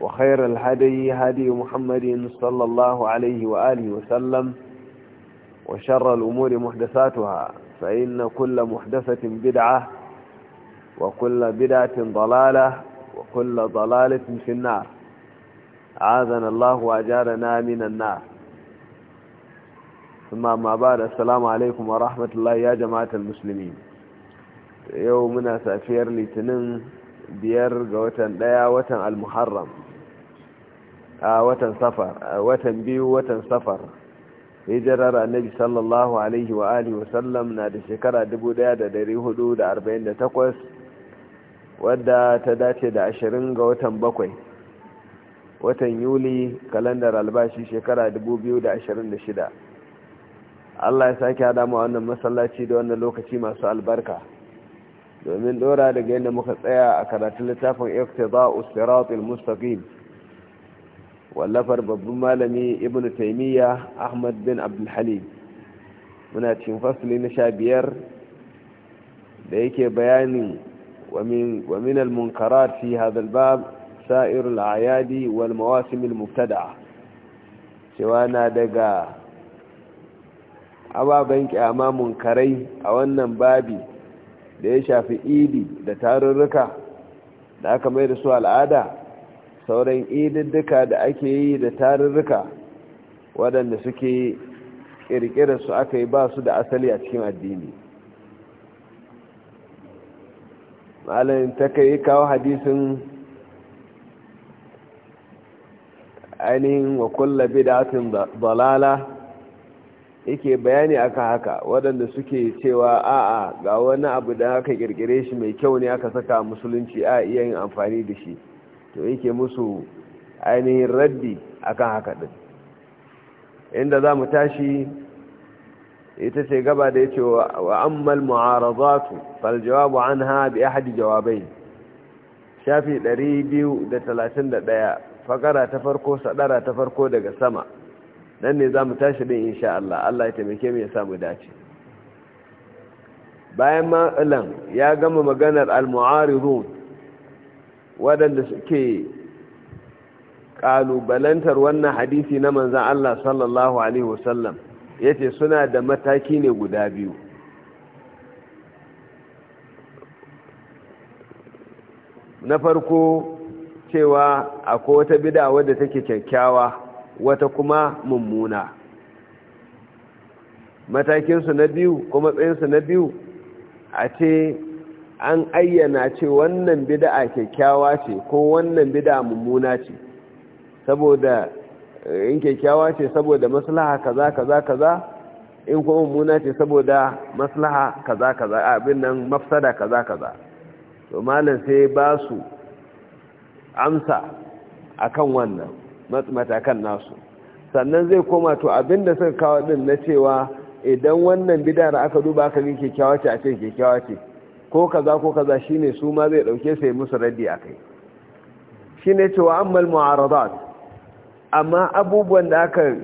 وخير الهدي هدي محمد صلى الله عليه وآله وسلم وشر الأمور محدثاتها فإن كل محدثة بدعة وكل بدعة ضلالة وكل ضلالة في النار عاذنا الله وأجارنا من النار ثم ما بعد السلام عليكم ورحمة الله يا جماعة المسلمين يومنا سافير لتنم بير قوة ليا وتن المحرم a watan safar watan biyu watan safar hijirar annabi sallallahu alaihi wa alihi sallam na da shekara 1448 wadda ta dace da 20 ga watan bakwai watan yuli kalandar albashi shekara 2026 Allah ya sake hada mu wannan masallaci da wannan lokaci masu albarka domin dora daga yadda muka tsaya a karatun littafin iftida'us siratul mustaqim wallafar babban malami ibn taimiyya ahmad bin abdulhalim muna cikin fasili na sha biyar da yake bayanin ومن المنكرات في هذا الباب سائر الأعياد والمواسم المبتدعة سوانا دقا ababen kyama munkarai a wannan babi da ya shafi idi da tarurruka da aka mai da su al'ada sauran ididdika da ake yi da tarurruka waɗanda suke ƙirƙirar su aka yi ba su da asali a cikin addini malin ta kai kawo hadisin ainihin wa kulla bidatin dalala yake bayani aka haka waɗanda suke cewa a'a ga wani abu da aka ƙirƙire shi mai kyau ne aka saka musulunci a iya yin amfani da shi to yake musu ainihin raddi akan haka din inda za mu tashi ita ce gaba da ya ce wa ammal mu'arazatu faljawabu an ha bi ahadi jawabai shafi 231 fakara ta farko sadara ta farko daga sama nan ne za mu tashi din insha Allah Allah ya taimake mu ya samu dace bayan ma'ilan ya gama maganar al muarizun waɗanda suke ƙalubalantar wannan hadisi na manzan Allah sallallahu Alaihi wasallam ya ce suna da mataki ne guda biyu na farko cewa akwai wata bida wadda take kyakkyawa wata kuma mummuna matakinsu na biyu kuma tsayinsu na biyu a ce an ayyana ce wannan bid'a kyakkyawa ce ko wannan bid'a mummuna ce saboda eh, in kyakkyawa ce saboda maslaha kaza kaza kaza in kuma mummuna ce saboda maslaha kaza kaza abin nan mafsada kaza kaza to malam sai ba su amsa akan wannan matakan nasu sannan zai koma to abinda suka kawo din na cewa idan wannan bid'a aka duba aka yi kyakkyawa ce a ce kyakkyawa ce ko kaza ko kaza shine su ma zai dauke sai musu raddi akai shine cewa ammal mu'aradat amma abubuwan da aka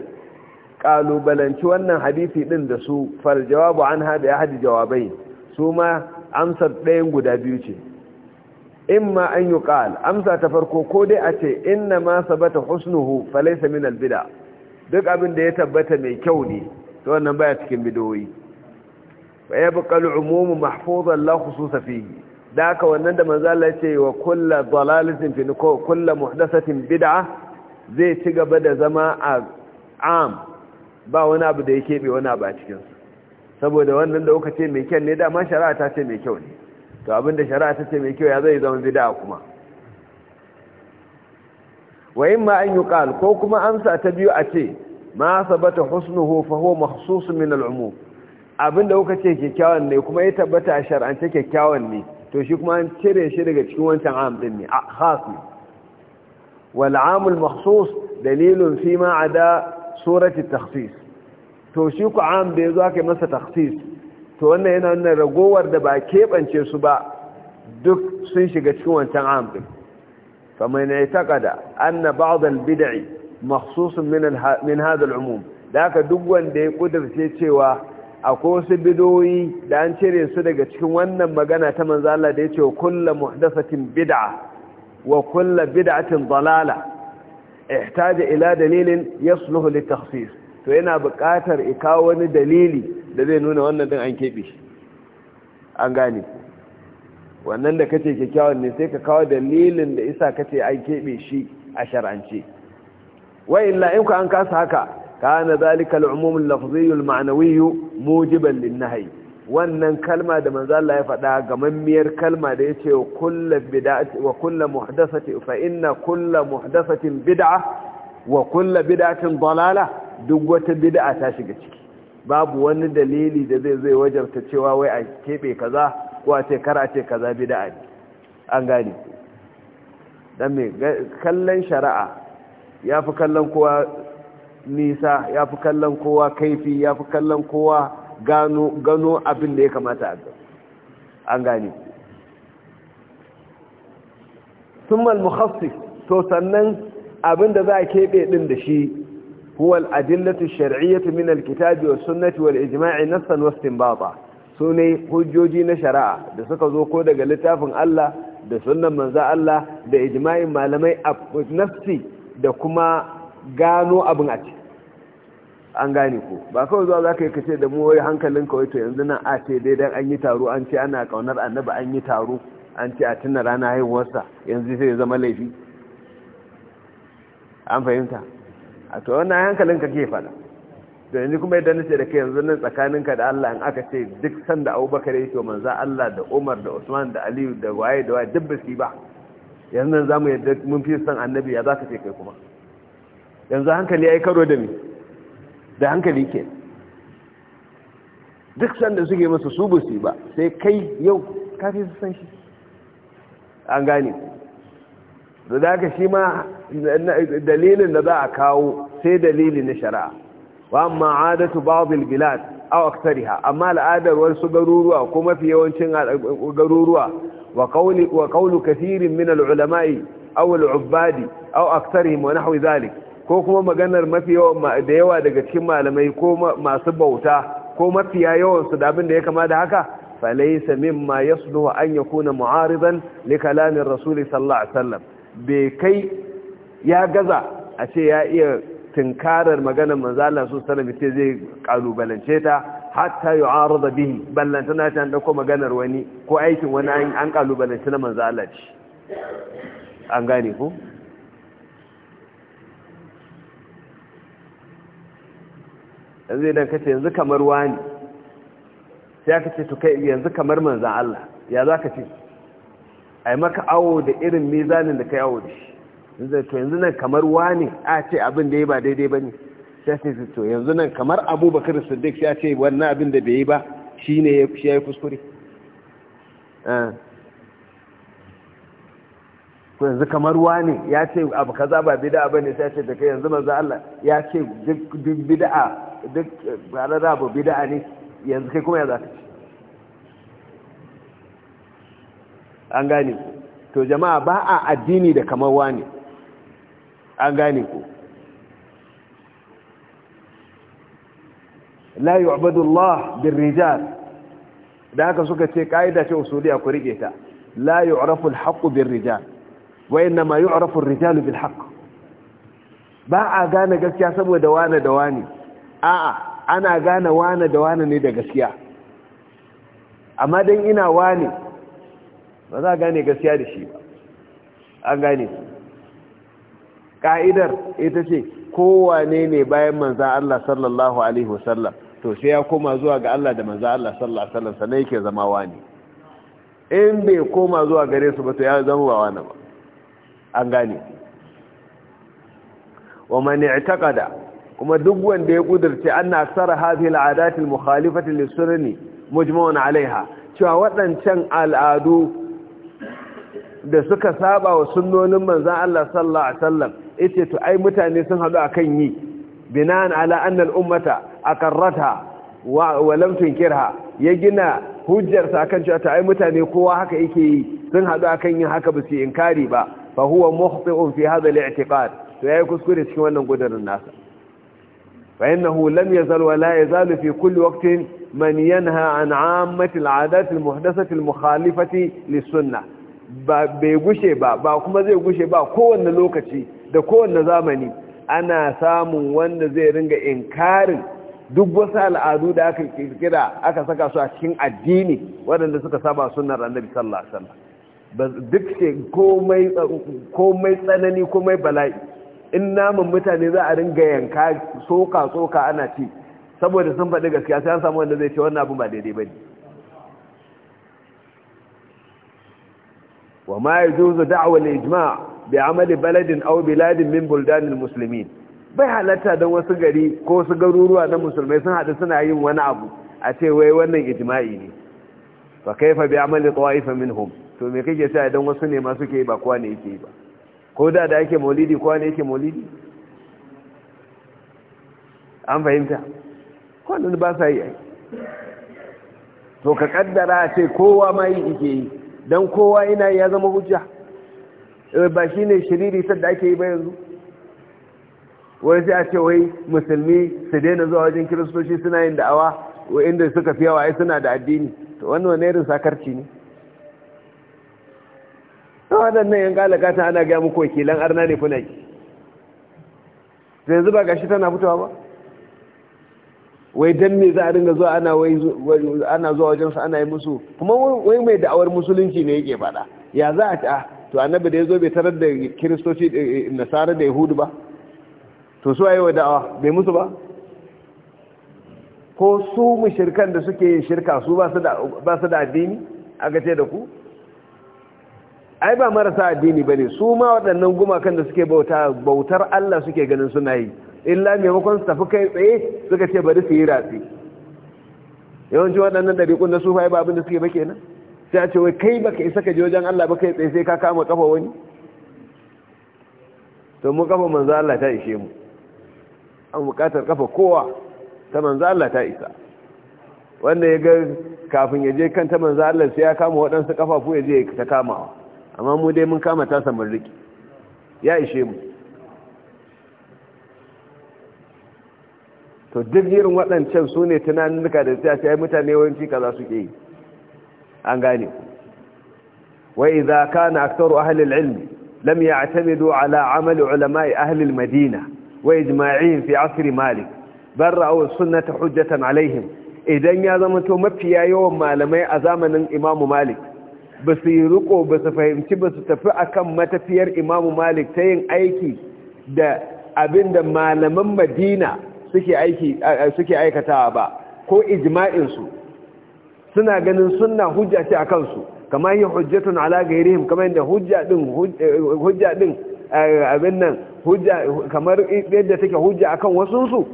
kalubalanci wannan hadisi din da su fal jawabu an hada ya hadi jawabai su ma amsar ɗayan guda biyu ce imma an yi ƙal amsa ta farko ko dai a ce inna ma sabata husnuhu falaisa min albida duk abin da ya tabbata mai kyau ne to wannan baya cikin bidoyi fa ya buƙal umumu mahfuzan la khususa da haka wannan da manzo ce wa kullu dalalatin ko kulla Muhdasatin bid'a zai ci gaba da zama a am ba wani abu da ya kebe wani abu a cikinsu. saboda wannan da kuka ce mai kyau ne dama shari'a ta ce mai kyau ne to abinda shari'a ta ce mai kyau ya zai zama Bida'a kuma wa in ma an yi ƙal ko kuma amsa ta biyu a ce ma sabata husnuhu fa huwa mahsus min abinda kuka ce kyakkyawan ne kuma ya tabbata a shar'ance kyakkyawan ne to shi kuma an cire shi daga cikin wancan am din ne khas ne wal amul makhsus dalilun fi ma ada surati takhsis to shi ku am da yazo aka masa takhsis to wannan yana nuna ragowar da ba keɓance su ba duk sun shiga cikin wancan am din faman yataqada anna ba'd al bid'i makhsusun min min hadha al umum da haka duk wanda ya kudirce cewa akwai wasu bidoyi da an cire su daga cikin wannan magana ta manzo Allah da yace kullu muhdathatin bid'a wa kullu bid'atin dalala ihtaja ila dalilin yasluhu litakhsis to yana buƙatar ika wani dalili da zai nuna wannan din an kebe an gane wannan da kace kikkiawan ne sai ka kawo dalilin da isa kace an kebe shi a shar'ance wa illa in ku an kasa haka كان ذلك العموم اللفظي المعنوي موجبا للنهي wannan kalma da manzo Allah ya faɗa gamammiyar kalma da yace wa kullu bid'ati wa kullu muhdathati fa inna kullu muhdathatin bid'a wa kullu bid'atin dalala duk wata bid'a ta shiga ciki babu wani dalili da zai zai wajarta cewa wai a kebe kaza ko a ce kar a ce kaza bid'a ne an gane dan me kallon shari'a yafi kallon kowa nisa ya fi kallon kowa kaifi ya fi kallon kowa gano abin da ya kamata a an gane summal mukhassis to sannan abin da za a keɓe ɗin da shi huwal adillatu shar'iyyatu min alkitabi was sunnati wal ijma'i nassan was su sune hujjoji na shari'a da suka zo ko daga littafin Allah da sunnan manzo Allah da ijma'in malamai a nafsi da kuma gano abin a ce an gane ko ba kawai zuwa za ka yi kace da mu wai hankalin kawai to yanzu nan a ce dai dan an yi taro an ce ana kaunar annabi an yi taro an ce a tuna rana haihuwarsa yanzu sai ya zama laifi an fahimta a to wannan hankalin ka ke fada to yanzu kuma yadda nace da kai yanzu nan tsakaninka da Allah in aka ce duk sanda Abubakar yake manzo Allah da Umar da Usman da Aliyu da waye da waye duk ba yanzu nan zamu yadda mun fi san annabi ya zaka ce kai kuma yanzu hankali ya yi karo da mi da hankali ke duk sanda suke masa su ba ba sai kai yau kafi su san shi an gane da da shi ma dalilin da za a kawo sai dalili na shari'a wa amma adatu ba'dil bilad aw aktsariha amma al'adar wasu garuruwa ko mafi yawancin garuruwa wa qawli wa qawlu min al-ulama'i aw al-ubbadi aw aktharihim wa nahwi dhalik ko kuma maganar mafi yawan da yawa daga cikin malamai ko masu bauta ko mafiya yawan da abin da ya kama da haka falaysa mimma yaslu an yakuna mu'aridan li kalamin rasul sallallahu alaihi wasallam bai kai ya gaza a ce ya iya tinkarar maganar manzo Allah sallallahu alaihi wasallam ce zai kalubalance ta hatta yu'arada bihi tana ta dauko maganar wani ko aikin wani an kalubalance na manzo Allah an gane ko yanzu idan ce yanzu kamar wani sai aka ce to kai yanzu kamar manzan Allah ya za ka ce yi maka awo da irin mizanin da kai yawo da shi yanzu to yanzu nan kamar wani a ce abin da ya ba daidai ba ne sai ce to yanzu nan kamar abubakar siddiq ya ce wannan abin da bai yi ba shi ne ya yi kuskure ko eh. yanzu kamar wani ya ce abu kaza ba bid'a bane sai ce da kai yanzu manzo Allah ya ce duk bid'a duk ranar abu bida ne yanzu kai kuma ya za ka ci an gane to jama'a ba a addini da kamar wani an gane ku la yu'badu Allah bin rijal da haka suka ce kaida ce usuli a rike ta la yu'rafu haƙu bin rijar rijal na ma yi ar rijar bin haƙu ba a gane gaskiya saboda wani da wani a'a ana gane wane da wane ne da gaskiya amma don ina wane ba za a gane gaskiya da shi ba an gane ƙa'idar ita ce kowane ne bayan manzan Allah sallallahu Alaihi wasallam to sai ya koma zuwa ga Allah da manzan Allah sallallahu Alaihi wasallam sannan yake zama wane in bai koma zuwa gare su ba to ya zama ba wane ba an gane wa mani i'taqada kuma duk wanda ya kudurce anna sara hadhihi al'adat al-mukhalifati lis-sunni mujma'un alaiha cewa waɗancan al'adu da suka saba wa sunnonin manzan Allah sallallahu alaihi wasallam yace to ai mutane sun hadu akan yi binan ala anna al-ummata akarrata wa lam ya gina hujjarsa akan cewa ta ai mutane kowa haka yake yi sun haɗu akan yin haka ba su inkari ba fa huwa mukhti'un fi hadha al-i'tiqad to yayi kuskure cikin wannan gudarin nasa فإنه لم يزل ولا يزال في كل وقت من ينهى عن عامة العادات المحدثة المخالفة للسنة bai gushe ba ba kuma zai gushe ba kowanne lokaci da kowanne zamani ana samun wanda zai ringa inkarin duk wasu al'adu da aka kirkira aka saka su a cikin addini waɗanda suka saba sunnar annabi sallallahu alaihi wasallam duk komai komai tsanani komai bala'i in namun mutane za a ringa yanka soka soka ana ce, saboda sun faɗi gaskiya sai an samu wanda zai ce wannan abin ba daidai ne wa ma zuzu da'awa al-ijma' bi 'amali baladin au biladin min buldanin musulmi bai halatta don wasu gari ko wasu garuruwa na musulmai sun haɗu suna yin wani abu a ce wai wannan ijma'i ne fa kaifa bi 'amali min minhum to me kake sai idan wasu ne ma suke yi ba kowa ne yake yi ba ko da da yake maulidi ko ne yake maulidi an fahimta kwanan ba sa yi to ka kaddara ce kowa ma yi ike yi don kowa ina ya zama hujja eh, ba shi ne shiriri da ake yi ba yanzu wai sai a ce wai musulmi su daina zuwa wajen kiristoci suna yin da'awa wa inda suka fi yawa suna da addini to wannan wani irin sakarci ne waɗannan yan ƙalaka ta ana gaya muku wakilan arna ne kuna ki yanzu ba gashi tana fitowa ba wai don ne za a dinga zuwa ana zuwa wajen ana yi musu kuma wai mai da'awar musulunci ne yake faɗa ya za a ta ah, to annabi da zo bai tarar da kiristoci eh, eh, nasara da yahudu ba to su ayi wa da'awa bai musu ba ko su mu shirkan da suke yin shirka su ba su da addini a gace da ku ai ba marasa addini ba ne su ma waɗannan gumakan da suke bauta bautar Allah suke ganin suna yi illa maimakon su tafi kai tsaye suka ce bari su yi ratsi yawanci waɗannan ɗariƙun na sufaye ba abin da suke ba kenan sai a ce wai kai baka isa ka je wajen Allah ba kai tsaye sai ka kama kafa wani to mu kafa manzo Allah ta ishe mu an buƙatar kafa kowa ta manzo Allah ta isa wanda ya ga kafin ya je kan ta manzo Allah sai ya kama waɗansu kafafu ya je ta kamawa amma mu dai mun kama ta tasa riki ya ishe mu to duk irin waɗancan su ne duka da ta sai mutane za su ke yi an gane wa idza kana na ahli ilmi ilmi lam ya'tamidu ala amal ulama'i ahalil madina wa ijma'ihim fi asiri malik bar ra'aw suna ta hujjatan alaihim idan ya zama to mafiya yawan malamai a zamanin imamu malik ba su yi riko ba su fahimci ba su tafi akan matafiyar imamu malik ta yin aiki da abin da malaman madina suke aikatawa ba ko ijma'insu suna ganin suna hujja ce a kansu kama yi hujjatun ala gairihim kamar yadda hujja din abin nan kamar yadda take hujja akan wasunsu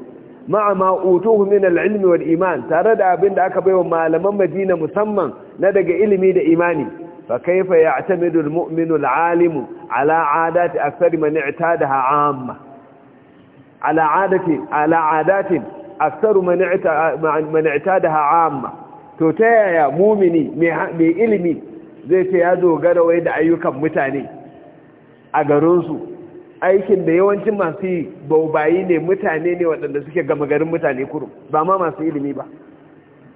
ma'a ma'utuhu min al'ilmi wal iman tare da abin da aka baiwa malaman madina musamman na daga ilimi da imani فكيف يعتمد المؤمن العالم على عادات أكثر من اعتادها عامة على عادة على عادات أكثر من اعتادها عامة تتايا مؤمني بإلمي zai ce ya dogara wai da ayyukan mutane a garinsu aikin da yawancin masu yi baubayi ne mutane ne waɗanda suke gama garin mutane kurum ba ma masu ilimi ba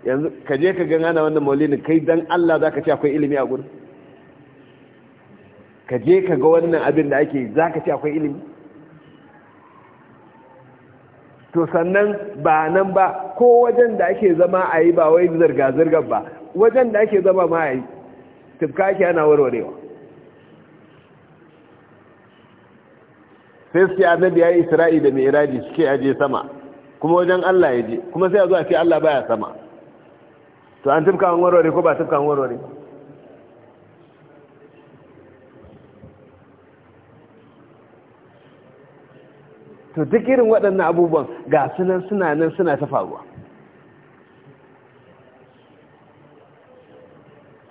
yanzu ka je ka gana wannan maulidin kai don Allah za ka ce akwai ilimi a gurin ka je ka ga wannan abin da ake za ka ce akwai ilimi to sannan ba nan ba ko wajen da ake zama a yi ba wai zirga-zirgar ba wajen da ake zama ma a yi tufka ake ana warwarewa sai suke annabi ya yi isra'i da mai iradi suke aje sama kuma wajen Allah ya je kuma sai a zuwa ce Allah baya sama to an tufka an warware ko ba tufka an warware ba to duk irin waɗannan abubuwan ga sunan suna nan suna ta faruwa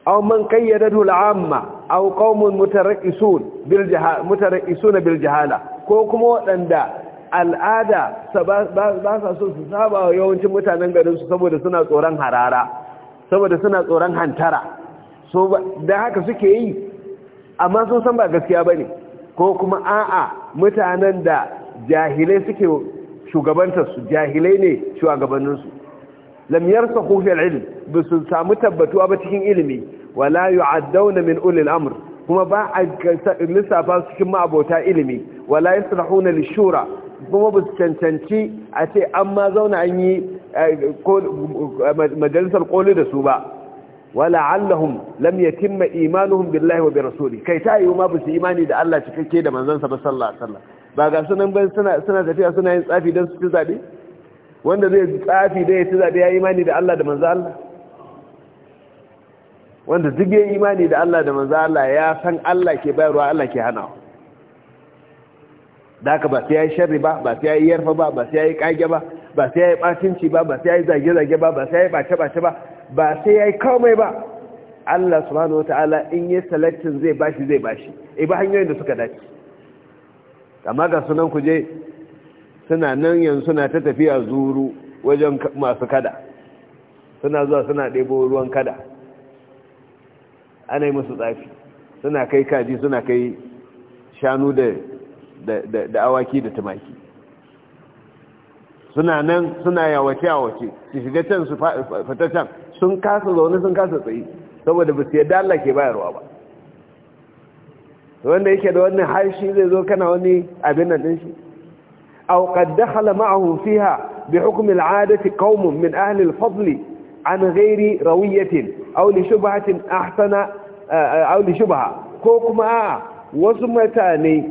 aw man qayyadatu al'amma aw qaumun mutaraqisun bil mutaraqisuna bil jahala ko kuma waɗanda al'ada ba sa so su saba yawancin mutanen garin su saboda suna tsoron harara saboda suna tsoron hantara so da haka suke yi amma sun san ba gaskiya bane ko kuma a'a mutanen da jahilai suke shugabantarsu jahilai ne shugabanninsu lam yarsa ilm ba su samu tabbatuwa ba cikin ilimi wala yu'addauna min ulil amr kuma ba a lissafa cikin ma'abota ilimi wala yasrahuna lishura kuma ba su cancanci a ce an ma zauna an yi eh, majalisar koli da su ba wala allahum lam yatimma imanuhum billahi wa bi rasuli kai ta yi ma ba su imani da Allah cikakke da manzansa ba sallallahu alaihi ba ga sunan ban suna tafiya suna yin tsafi don su ci zaɓe wanda zai tsafi don ya ci zaɓe ya imani da Allah da manza Allah wanda duk ya imani da Allah da manza Allah ya san Allah ke bayarwa Allah ke hana da aka ba sai ya yi sharri ba ba sai ya yi yarfa ba ba sai ya yi kage ba ba sai ya yi ɓacinci ba ba sai ya yi zage-zage ba ba sai ya yi ɓace-ɓace ba ba sai ya yi komai ba Allah subhanahu wa ta'ala in yi salatin zai bashi zai bashi ibi hanyoyin da suka dace amma ga sunan ku je suna nan yanzu suna ta tafiya zuru wajen masu kada suna zuwa suna ɗebo ruwan kada ana yi musu tsafi suna kai kaji suna kai shanu da awaki da tumaki suna nan suna yawace yawace su shiga can su fita can sun kasa zaune sun kasa tsaye saboda ba su yadda Allah ke bayarwa ba wanda yake da wannan harshe zai zo kana wani abin nan din shi aw qad dakhala ma'ahu fiha bi hukm al'adati qaumun min ahli al-fadl an ghairi rawiyatin aw li shubhatin ahsana eh, aw li shubha ko kuma a wasu mutane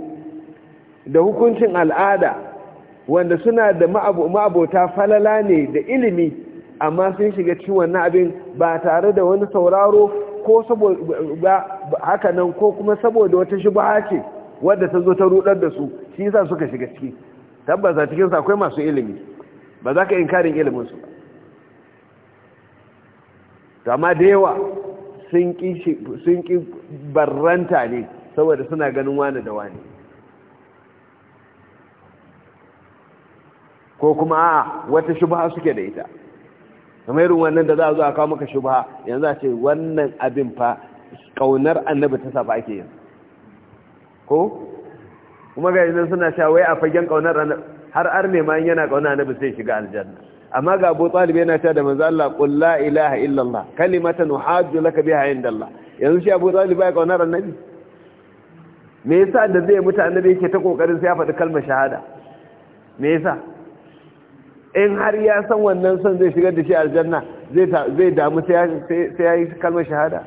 da hukuncin al'ada wanda suna da ma'abota falala ne da ilimi amma sun shiga ciwon na abin ba tare da wani sauraro ko saboda haka nan ko kuma saboda wata shubha ce wadda ta zo ta rudar da su shi yasa suka shiga ciki tabbas a cikin akwai masu ilimi ba za ka inkarin ilimin su amma da yawa sun ƙi barranta ne saboda suna ganin wani da wani ko kuma a wata shubha suke da ita kamar irin wannan da za a zo a kawo maka shubha yanzu a ce wannan abin fa kaunar annabi ta safa ake yin ko kuma ga yanzu suna sha wai a fagen kaunar har arne ma yana kauna annabi sai shiga aljanna amma ga Abu Talib yana cewa da manzo Allah qul la ilaha illa Allah kalimatan uhajju laka biha inda Allah yanzu shi Abu Talib ya kaunar annabi me yasa da zai mutu annabi yake ta kokarin sai ya faɗi kalmar shahada me yasa in har ya san wannan son zai shigar da shi aljanna zai damu sai ya yi kalmar shahada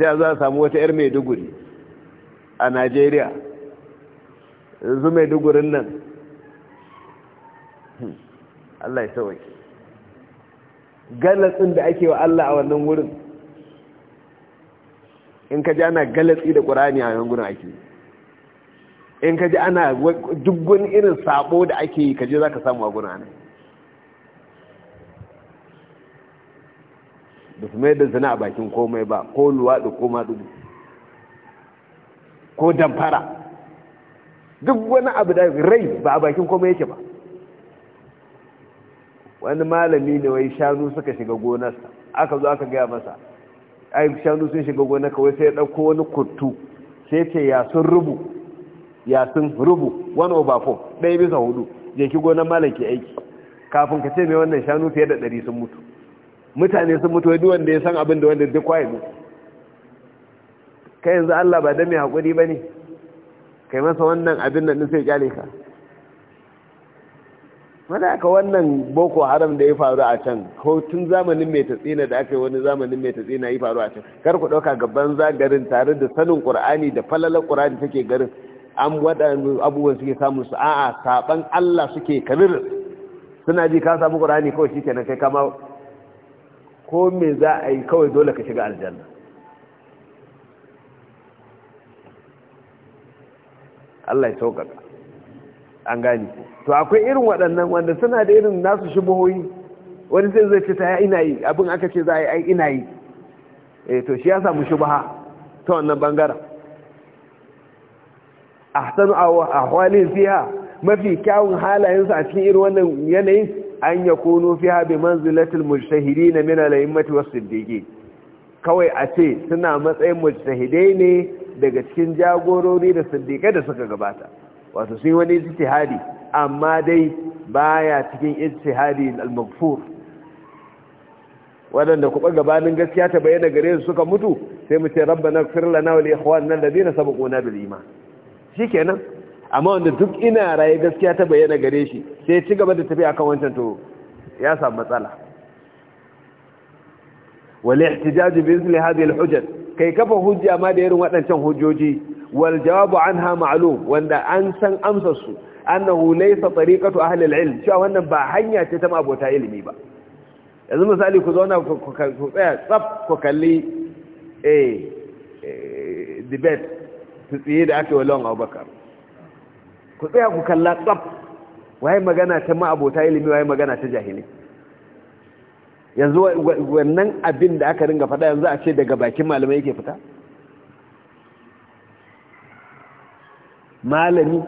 sai za a samu wata 'yar maiduguri a najeriya yanzu maidugurin nan allah ya sauwai galatsin da ake wa allah a wannan wurin in ka jana galatsi da ƙurani a wannan wurin ake yi in ka ji ana duk wani irin sabo da ake yi ka za ka samu a guna ne da su mai da zina a bakin komai ba ko luwaɗi ko maɗugu ko damfara duk wani abu da rai ba a bakin komai yake ba wani malami ne wai shanu suka shiga gonarsa aka zo aka gaya masa ai shanu sun shiga gonar wai sai ya ɗauko wani kurtu sai ce ya sun rubu yasin rubu 1 over 4 ɗaya bisa hudu jeki ki gonan malam ke aiki kafin ka ce mai wannan shanu fiye da ɗari sun mutu mutane sun mutu duk wanda ya san abin da wanda duk kwaye mutu ka yanzu Allah ba don mai ne ka yi masa wannan abin nan sai kyale ka wanda aka wannan boko haram da ya faru a can ko tun zamanin mai tatsina da aka yi wani zamanin mai tatsina ya faru a can kar ku ɗauka gaban zagarin tare da sanin ƙur'ani da falalar ƙur'ani take garin an waɗanda abubuwan suke samun su a'a saɓan Allah suke kabir suna ji ka samu ƙur'ani kawai shi kenan kai kama ko me za a yi kawai dole ka shiga aljanna Allah ya sauƙaƙa an gani to akwai irin waɗannan wanda suna da irin nasu shi buhoyi wani zai zai ce ta ina yi abin aka ce za a yi ina yi eh, to shi ya samu shubaha ta wannan bangaren ahsanu ahwalin fiha mafi kyawun halayensu a cikin irin wannan yanayin an kono fiha bi manzilatil mujtahidin min al-a'immati was kawai a ce suna matsayin mujtahidai ne daga cikin jagorori da siddiqai da suka gabata wato sun wani ijtihadi amma dai baya cikin ijtihadi al-maghfur waɗanda kuma gabanin gaskiya ta bayyana gare su suka mutu sai mu ce rabbana ighfir lana wa li ikhwanina alladhina sabaquna bil iman shi kenan amma wanda duk ina raye gaskiya ta bayyana gare shi sai ci gaba da tafiya kan wancan to ya samu matsala wal ihtijaj bi mithli hadhihi al hujaj kai kafa hujja ma da irin waɗancan hujjoji wal jawabu anha ma'lum wanda an san amsar su annahu laysa tariqatu ahli al ilm cewa wannan ba hanya ce ta mabota ilimi ba yanzu misali ku zauna ku tsaya tsaf ku kalli eh, eh debate tsiye da aka walon abubakar ku tsaya ku kalla tsab waye magana ta ma'abota ilimi waye magana ta jahili yanzu wannan abin da aka ringa faɗa yanzu a ce daga bakin malamai yake fita malami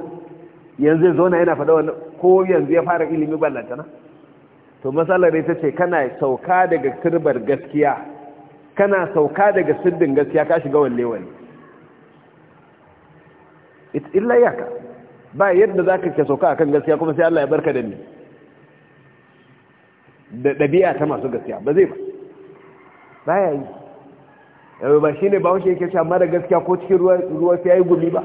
yanzu ya zauna yana fada wannan ko yanzu ya fara ilimi ballantana to matsalar ita ce kana sauka daga turbar gaskiya kana sauka daga siddin gaskiya ka shiga walle it's illa yaka ba yadda za ka sauka akan gaskiya kuma sai Allah ya barka da ni da ɗabi'a ta masu gaskiya ba zai ba ba ya yi yau ba shi ne ba wace yake sha mara gaskiya ko cikin ruwa sai ya yi gumi ba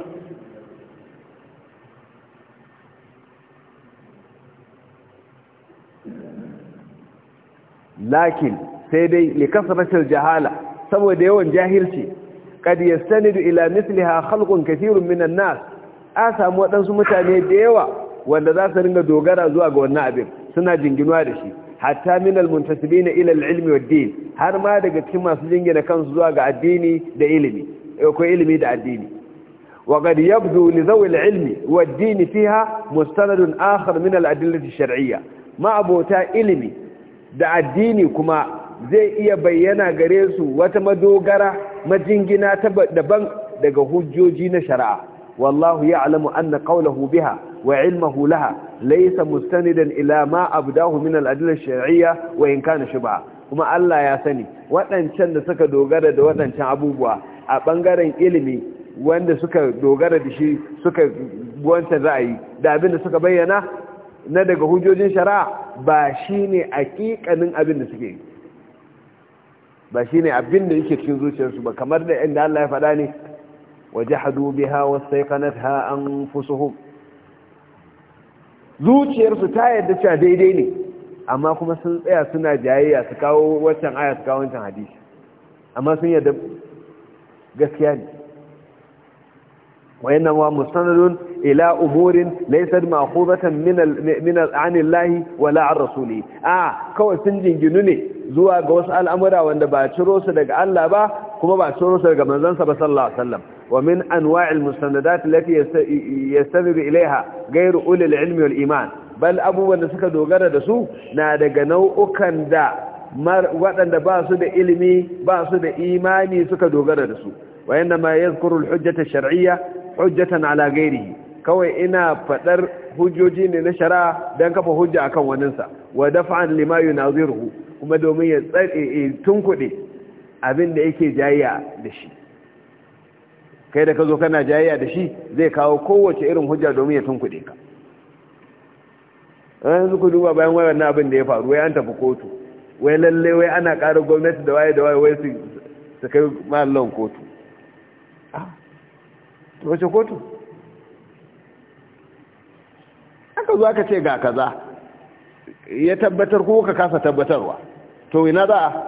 lakin sai dai ya kasa rashin jahala saboda yawan jahilci kad yastanidu ila misliha khalqun kathirun minan nas a samu waɗansu mutane da yawa wanda za su ringa dogara zuwa ga wannan abin suna jinginuwa da shi hatta min almuntasibin ila alilmi waddin har ma daga cikin masu jingina kansu zuwa ga addini da ilimi ko ilimi da addini wa qad yabdu li zawi alilmi waddin fiha mustanad akhar min aladillati shar'iyya ma abota ilimi da addini kuma zai iya bayyana gare su wata madogara majingina ta daban daga hujjoji na shari'a wallahu ya'lamu anna qawluhu biha wa 'ilmuhu laha laysa mustanidan ila ma abdahu min al-adilla ash-shar'iyya wa in kana shubha kuma Allah ya sani waɗancan da suka dogara da waɗancan abubuwa a bangaren ilimi wanda suka dogara da shi suka wanta ra'ayi da abin da suka bayyana na daga hujjojin shari'a ba shine hakikanin abin da suke yi ba shine abin da yake cikin zuciyarsu ba kamar da inda Allah ya faɗa ne wajahadu biha wastaiqanatha anfusuhum zuciyarsu ta yadda cewa daidai ne amma kuma sun tsaya suna jayayya su kawo wancan aya kawo wancan hadisi amma sun yadda gaskiya ne وإنما مستند إلى أمور ليست مأخوذة من ال... من ال... عن الله ولا عن رسوله آه كو سنجين جنوني زوا غوس الأمر وأن باتشرو صدق الله با كما باتشرو صدق منزل صلى الله عليه وسلم ومن أنواع المستندات التي يست... يستند إليها غير أولي العلم والإيمان بل أبو ونسك دوغر دسو نادق نوء دا waɗanda ba su da ilimi ba su da imani suka dogara da su وإنما يذكر الحجة الشرعية hujjatan ala gairihi kawai ina fadar hujjoji ne na shari'a dan kafa hujja akan waninsa wa dafa'an lima yunaziruhu kuma domin ya tsare tunkude abin da yake jayya da shi kai da ka zo kana jayya da shi zai kawo kowace irin hujja domin ya tunkuɗe ka yanzu ku duba bayan wayannan abin da ya faru wai an tafi kotu wai lalle wai ana ƙara gwamnati da waye da waye wai su kai mallon kotu to wace kotu aka zo aka ce ga kaza ya tabbatar ko ka kasa tabbatarwa to ina za a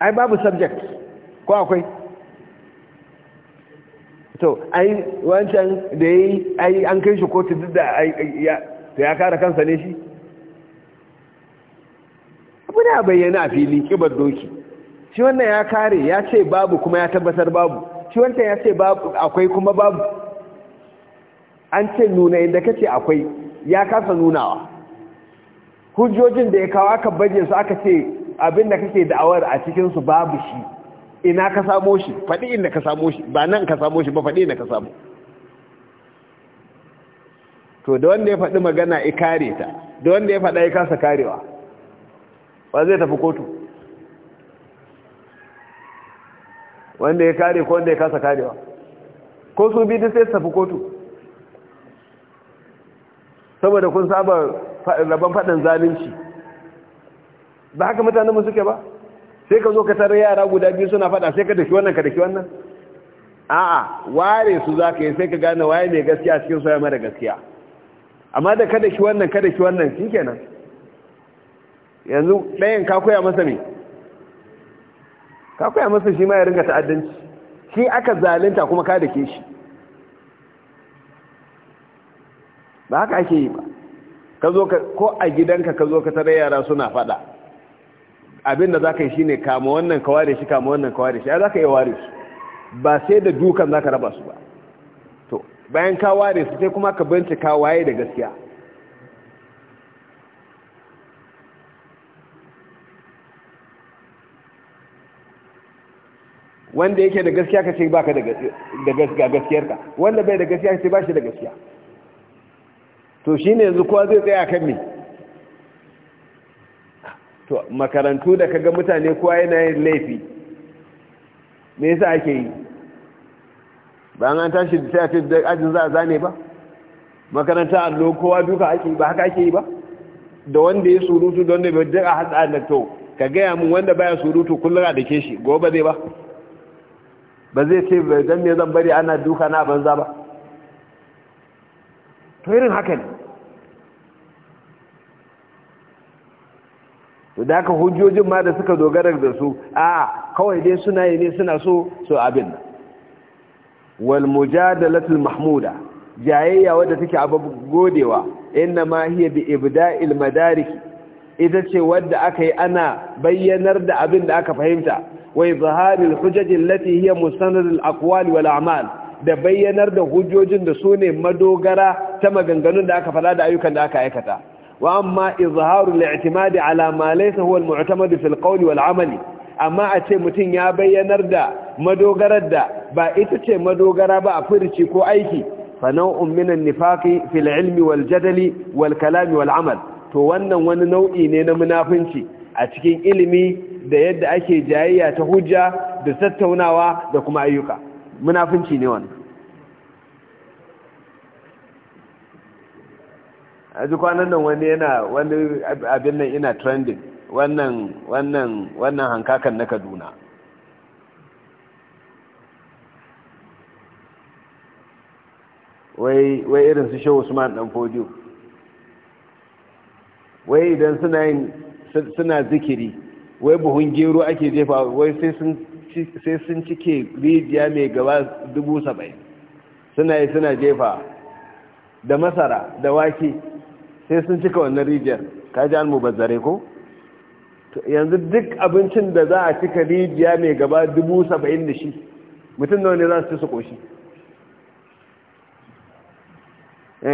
ai babu subject ko akwai to ai wancan da ya ai an kai shi kotu duk da ya kare kansa ne shi ne a bayyana a fili kibar doki shi wannan ya kare ya ce babu kuma ya tabbatar babu shi wannan ya ce babu akwai kuma babu an ce nuna inda kace akwai ya kasa nunawa hujjojin da ya kawo aka baje su aka ce abin da kake da'awar a cikin su babu shi ina ka samo shi faɗi inda ka samo shi ba nan ka samo shi ba faɗi inda ka samo to da wanda ya faɗi magana ya kare ta da wanda ya faɗa ya kasa karewa ba zai tafi kotu wanda ya kare ko wanda ya kasa karewa ko su bi sai tafi kotu saboda kun saba rabon faɗin zalunci ba haka mutanenmu suke ba sai ka zo ka tarar yara guda biyu suna faɗa sai ka daki wannan ka daki wannan a'a ware su za ka yi sai ka gane waye mai gaskiya cikin soya mara gaskiya amma da kada ki wannan kada ki wannan shi kenan yanzu ɗayan ka koya masa me ka koya masa shi ma ya ringa ta'addanci shi aka zalunta kuma ka da ke shi ba haka ake yi ba ko a gidanka ka zo ka tare yara suna fada abin da ka yi ne kama wannan ka ware shi kama wannan ka ware shi Ya za ka iya ware su ba sai da dukan za ka raba su ba to bayan ka ware su sai kuma ka bincika waye da gaskiya wanda yake da gaskiya ka ce baka da gaskiya gaskiyarka wanda bai da gaskiya ka ce bashi da gaskiya to shine yanzu kowa zai tsaya kan me to makarantu da kaga mutane kowa yana yin laifi me yasa ake yi ba an tashi da sai a ce da ajin za a zane ba makaranta allo kowa duka ake ba haka ake yi ba da wanda ya surutu da wanda bai da hatsa da to ka gaya mun wanda baya surutu kullum a dake shi gobe zai ba ba zai ce don me zan bari ana duka na banza ba to irin haka ne to da aka hujjojin ma da suka dogara da su a kawai dai suna yi ne suna so so abin wal mujadalatul mahmuda jayayya wadda take abu godewa inna ma hiya bi ibda'il madarik ita ce wadda aka yi ana bayyanar da abin da aka fahimta wa izharil hujaj allati hiya mustanad al aqwal wal a'mal da bayyanar da hujjojin da sune madogara ta maganganun da aka fada da ayyukan da aka aikata wa amma izharul i'timadi ala ma laysa huwa al mu'tamad fi al qawli wal amali amma a ce mutum ya bayyanar da madogarar da ba ita ce madogara ba a furici ko aiki fa nau'un minan nifaqi fil ilmi wal jadali wal kalami wal amal to wannan wani nau'i ne na munafinci a cikin ilimi da yadda ake jayayya ta hujja da tattaunawa da kuma ayyuka munafinci ne wannan a ji kwanan nan wani yana wani abin nan ina trending wannan wannan wannan hankakan na kaduna wai wai irin su shehu usman dan fodiyo wai idan suna yin suna zikiri wai buhun gero ake jefa wai sai sun cike rijiya mai gaba dubu saba'in suna yi suna jefa da masara da wake sai sun cika wannan rijiyar ka ji an mubazzare ko yanzu duk abincin da za a cika rijiya mai gaba dubu saba'in da shi mutum nawa ne za su ci su koshi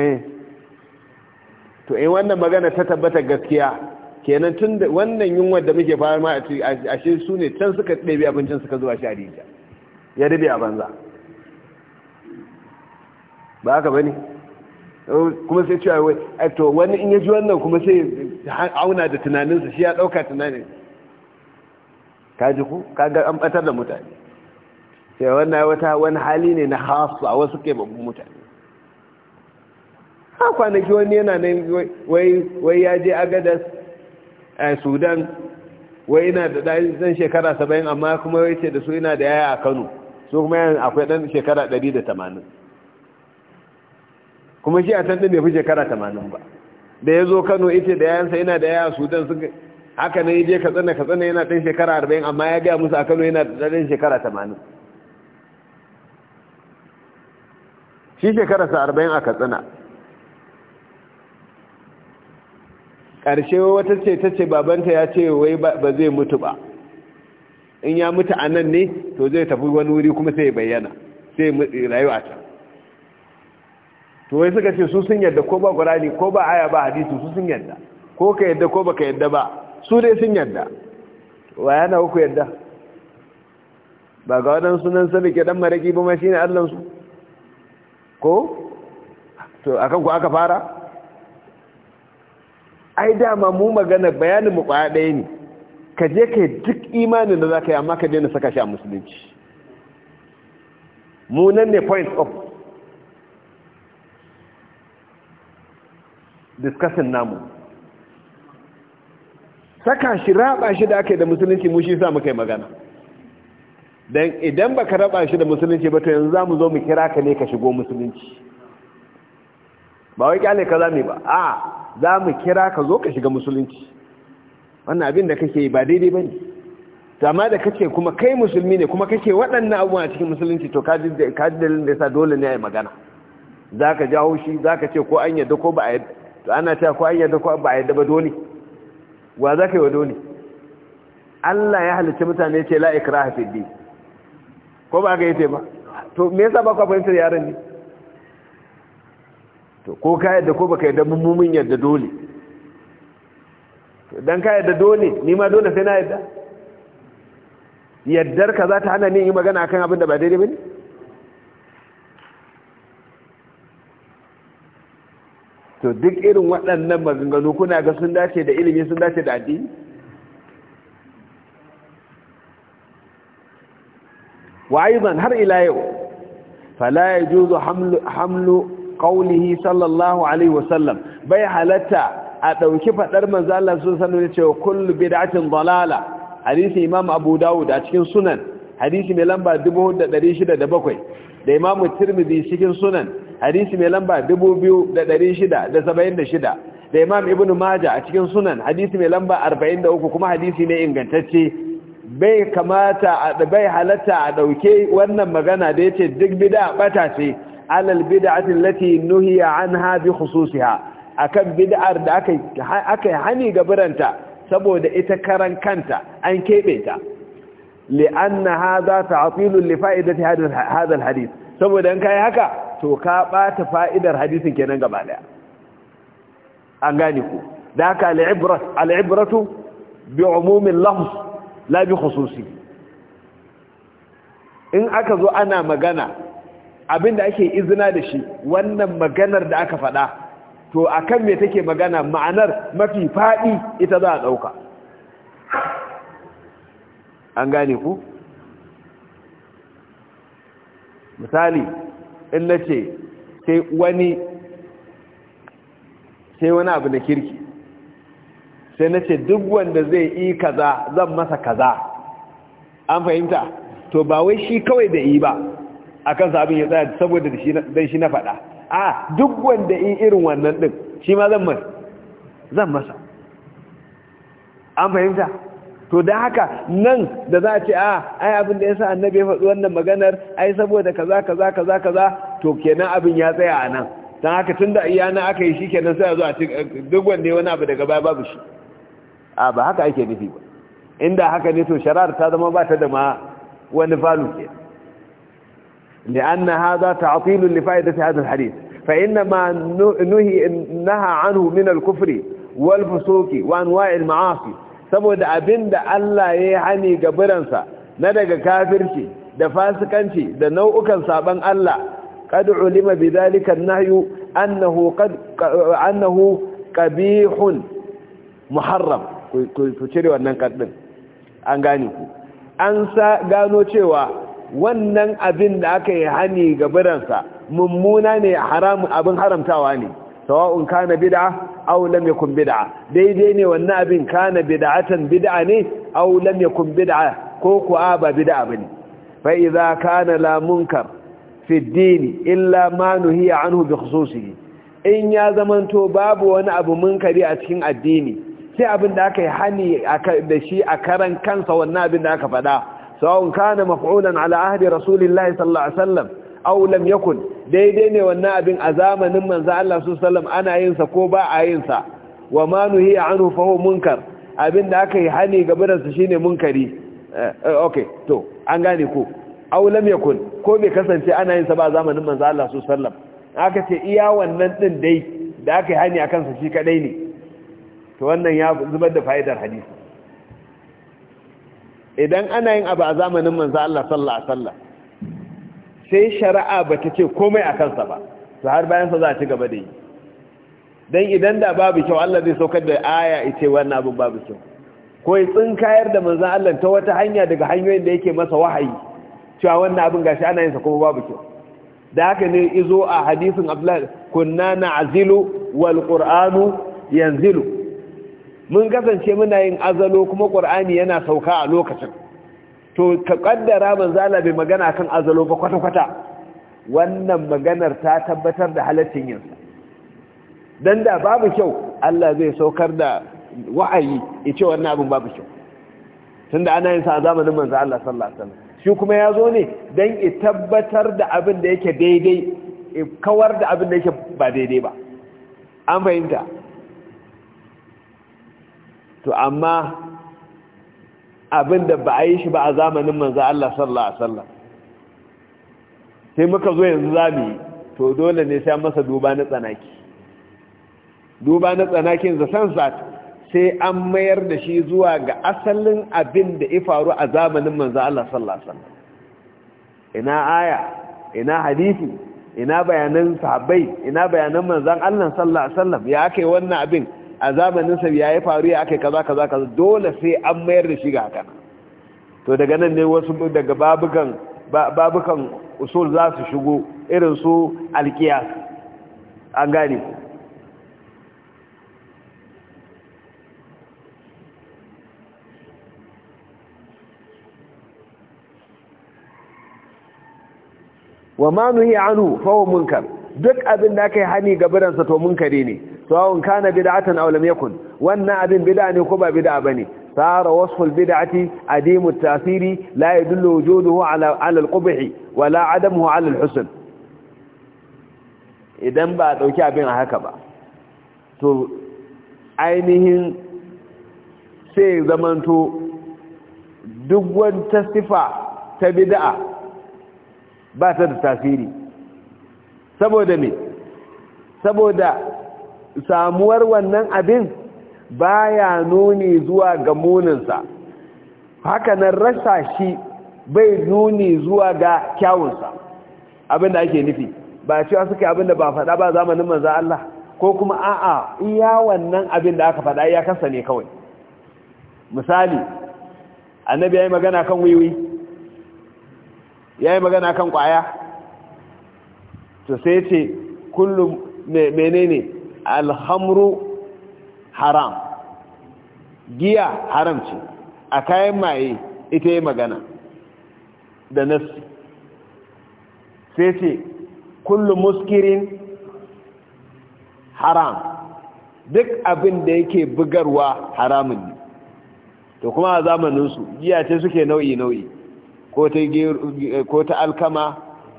eh. to in eh, wannan magana ta tabbata gaskiya kenan tun da wannan yunwar da muke fara ma a shi su ne can suka ɗabi abincin suka zuwa shi a ya dabe a banza ba haka ba ne kuma sai cewa wai aito wani in ya ji wannan kuma sai auna da tunaninsa shi ya ɗauka tunanin ka ji ku ka ga an ɓatar da mutane sai wannan wata wani hali ne na hasu a wasu ke babu mutane ha kwanaki wani yana nan wai ya je agadas a sudan wai ina da ɗan shekara saba'in amma kuma wai ce da su yana da yaya a kano su kuma yana akwai ɗan shekara ɗari da tamanin kuma shi a tantin bai fi shekara tamanin ba da ya zo kano ita da yayansa yana da yaya a sudan su haka na yi je katsina katsina yana ɗan shekara arba'in amma ya gaya musu a kano yana da ɗan shekara tamanin shi shekararsa arba'in a katsina ƙarshe wata ce ta ce babanta ya ce wai ba zai mutu ba in ya mutu a nan ne to zai tafi wani wuri kuma sai bayyana sai rayuwa ta to wai suka ce su sun yadda ko ba ƙurani ko ba aya ba hadisi su sun yadda ko ka yadda ko ba ka yadda ba su dai sun yadda wa yana uku yadda ba ga waɗansu nan sani ke ɗan maraƙi ba ma shi ne allansu ko to akan ku aka fara ai dama mu magana bayanin mu kwaya ɗaya ne ka je ka duk imanin da za ka yi amma ka daina saka shi a musulunci mu nan ne point of discussion namu saka shi raba shi da aka yi da musulunci mu shi sa muka yi magana don idan baka raba shi da musulunci ba to yanzu za mu zo mu kira ka ne ka shigo musulunci ba wai kyale ka zame ba a za mu kira ka zo ka shiga musulunci wannan abin da kake yi ba daidai ba ne amma da kace kuma kai musulmi ne kuma kake waɗannan abubuwa cikin musulunci to ka dalilin da yasa dole ne a yi magana za ka ja haushi za ka ce ko an yadda ko ba a yadda to ana cewa ko an yadda ko ba a yadda ba dole wa za ka yi wa dole Allah ya halicci mutane ce la'ikira hafi fi ko ba ga yace ba to me yasa ba ku fahimtar yaran ne to ko ka yadda ko baka yadda mummumin yadda dole dan ka yadda dole ni ma dole sai na yadda yaddar ka za ta hana ni yi magana akan abin da ba daidai bane to duk irin waɗannan maganganu kuna ga sun dace da ilimi sun dace da addini wa aiban har ila yau fala yajuzu hamlu hamlu qaulihi sallallahu alaihi wasallam bai halatta a dauki fadar manzo Allah sallallahu alaihi wasallam cewa kullu bid'atin dalala hadisi imam abu dawud a cikin sunan hadisi mai lamba 4607 da imam tirmidhi cikin sunan hadisi mai lamba 2676 da imam ibnu majah a cikin sunan hadisi mai lamba 43 kuma hadisi ne ingantacce bai kamata bai halatta a ɗauke wannan magana da yace duk bida bata ce alal bid'ati allati nuhiya anha bi khususiha akan bid'ar da aka aka hani gabaranta saboda ita karan kanta an kebe ta li'anna hadha ta'til li fa'idati hadha al hadith saboda in kai haka to ka bata fa'idar hadisin kenan gaba daya an gane ku da haka al-ibrat al-ibratu bi umumi lafz la bi khususi in aka zo ana magana abin da ake izina da shi wannan maganar da aka faɗa to a kan me take magana ma'anar mafi faɗi ita za a ɗauka an gane ku misali in na ce sai wani sai wani abu da kirki sai na ce duk wanda zai yi kaza zan masa kaza an fahimta to ba wai shi kawai da yi ba a kansa abin ya tsaya saboda dan shi na faɗa a duk wanda in irin wannan ɗin shi ma zan masa zan masa an fahimta to da haka nan da za a ce a ai abin da ya sa annabi ya faɗi wannan maganar ai saboda kaza kaza kaza kaza to kenan abin ya tsaya a nan don haka tun da iyana aka yi shi kenan sai a zo a duk wanda wani abu daga baya babu shi a ba haka ake nufi ba inda haka ne to sharar ta zama ba ta da ma wani falu kenan لأن هذا تعطيل لفائدة هذا الحديث فإن ما نهي نهى عنه من الكفر والفسوق وأنواع المعاصي saboda abin da Allah ya yi hani ga biransa na daga kafirci da fasikanci da nau'ukan saban Allah qad ulima bidhalika an-nahyu annahu qad annahu qabihun muharram ku cire wannan kaddin an gane ku an sa gano cewa wannan abin da aka yi hani ga biransa mummuna ne haramun abin haramtawa ne sawa'un kana bid'a aw lam kun bid'a daidai ne wannan abin kana bida'atan bid'a ne aw ya kun bid'a ko kuwa ba bid'a bane fa'i idza kana la munkar fi illa ma nuhiya hu bi khususi in ya zamanto babu wani abu munkari a cikin addini sai abin da aka yi hani da shi a karan kansa wannan abin da aka faɗa sawun kana maf'ulan ala ahdi rasulillahi sallallahu alaihi wasallam aw lam yakun daidai ne wannan abin a zamanin manzo Allah sallallahu alaihi wasallam ana yin sa ko ba a yin sa wa ma nuhi anhu fa huwa munkar abinda da aka yi hani ga shine munkari okay to an gane ko aw lam yakun ko bai kasance ana yin sa ba zamanin manzo Allah sallallahu alaihi wasallam aka ce iya wannan din dai da aka yi hani akan sa shi kadai ne to wannan ya zubar da fa'idar hadisi idan ana yin abu a zamanin manzo Allah sallallahu alaihi wasallam sai shari'a bata ce komai a kansa ba har bayan sa za a ci gaba da yi dan idan da babu kyau Allah zai saukar da aya yace wannan abu babu kyau ko ya tsinkayar da manzo Allah ta wata hanya daga hanyoyin da yake masa wahayi cewa wannan abin gashi ana yin sa kuma babu kyau da haka ne izo a hadisin Abdullah kunna na'zilu wal qur'anu yanzilu mun kasance muna yin azalo kuma ƙur'ani yana sauka a lokacin to ka ƙaddara manzala bai magana kan azalo ba kwata-kwata wannan maganar ta tabbatar da halittin yinsa don da babu kyau Allah zai saukar da wa'ayi ya ce wannan abin babu kyau tun da ana yin sa a zamanin manzo Allah sallallahu shi kuma ya zo ne don ya tabbatar da abin da yake daidai kawar da abin da yake ba daidai ba an fahimta to amma abinda ba a yi shi ba a zamanin manza Allah sallallahu alaihi wasallam sai muka zo yanzu zamu yi to dole ne sai masa duba na tsanaki duba na tsanakin da sansat sai an mayar da shi zuwa ga asalin abin da ya faru a zamanin manza Allah sallallahu alaihi wasallam ina aya ina hadisi ina bayanan sahabbai ina bayanan manzan Allah sallallahu alaihi wasallam ya kai wannan abin a zamanin sa ya yi faru ya aka kaza kaza kaza dole sai an mayar da shi ga haka to daga nan ne wasu daga babukan babukan usul za su shigo irin su alkiyas an gane wa ma nuhi anhu fa huwa munkar duk abin da kai hani ga biransa to munkare ne sawun kana bid'atan aw lam yakun wannan abin bid'a ne ko ba bid'a bane صار وصف البدعة عديم التأثير لا يدل وجوده على على القبح ولا عدمه على الحسن idan ba a ɗauki abin a haka ba to ainihin sai zamanto duk wata sifa ta bid'a ba ta da tasiri saboda me saboda samuwar wannan abin baya nuni zuwa ga muninsa hakanan rasa shi bai nuni zuwa ga kyawunsa abin da ake nufi ba cewa suke abin da ba faɗa ba zamanin manzan Allah ko kuma a'a iya wannan abin da aka faɗa ya kasa ne kawai misali annabi ya yi magana kan wiwi ya yi magana kan kwaya to sai ce kullum menene alhamru haram giya haram ce a kayan maye ita yi magana da nassi sai ce kullum muskirin haram duk abin da yake bugarwa haramun ne to kuma a zamaninsu giya ce suke nau'i-nau'i ko ta alkama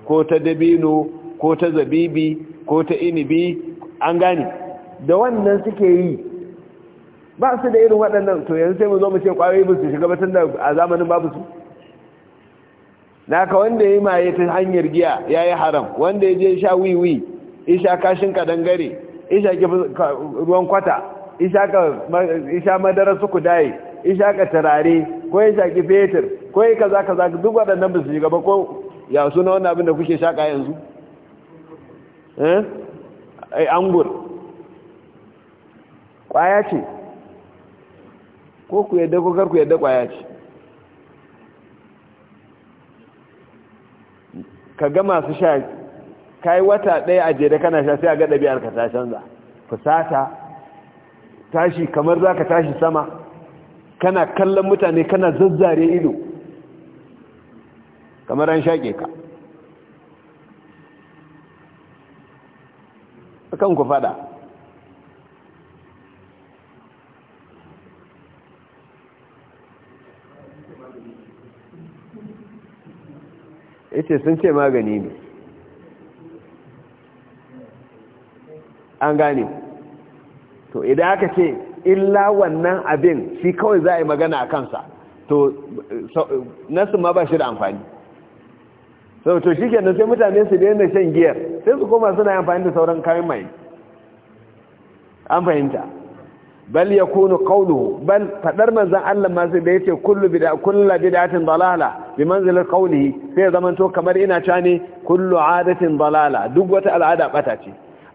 ko ta dabino ko ta zabibi ko ta inibi an gane da wannan suke yi ba su da irin waɗannan to yanzu sai mu zo mu ce ƙwayoyi ba su shiga ba tun da a zamanin babu su ka wanda ya yi maye ta hanyar giya ya yi haram wanda ya je sha wiwi isha kashin kadangare isha ruwan kwata isha madara su kudaye isha ka tarare ko ya ki fetur ko ya kaza kaza duk waɗannan ba su shiga ba ko ya suna wani abin da kuke shaƙa yanzu eh? ai angul kwaya ce ko ku yadda ko kar ku yadda kwaya ce ka ga masu sha kai wata ɗaya a jere kana sha sai a ga ɗabi'ar ka ta canza fusata tashi kamar za ka tashi sama kana kallon mutane kana zazzare ido kamar an shaƙe ka kanku fada ita sun ce magani ne an gane to idan aka ce illa wannan abin shi kawai za a yi magana a kansa to nasu ma ba shi da amfani sau to shi kenan sai mutane su daina shan giyar sai su koma suna amfani da sauran kayan mai an fahimta bal ya kunu bal fadar manzon Allah masu sai da yace kullu bid'a kullu bid'atin dalala bi manzilar qawlihi sai zaman to kamar ina cewa ne kullu adatin dalala duk wata al'ada bata ce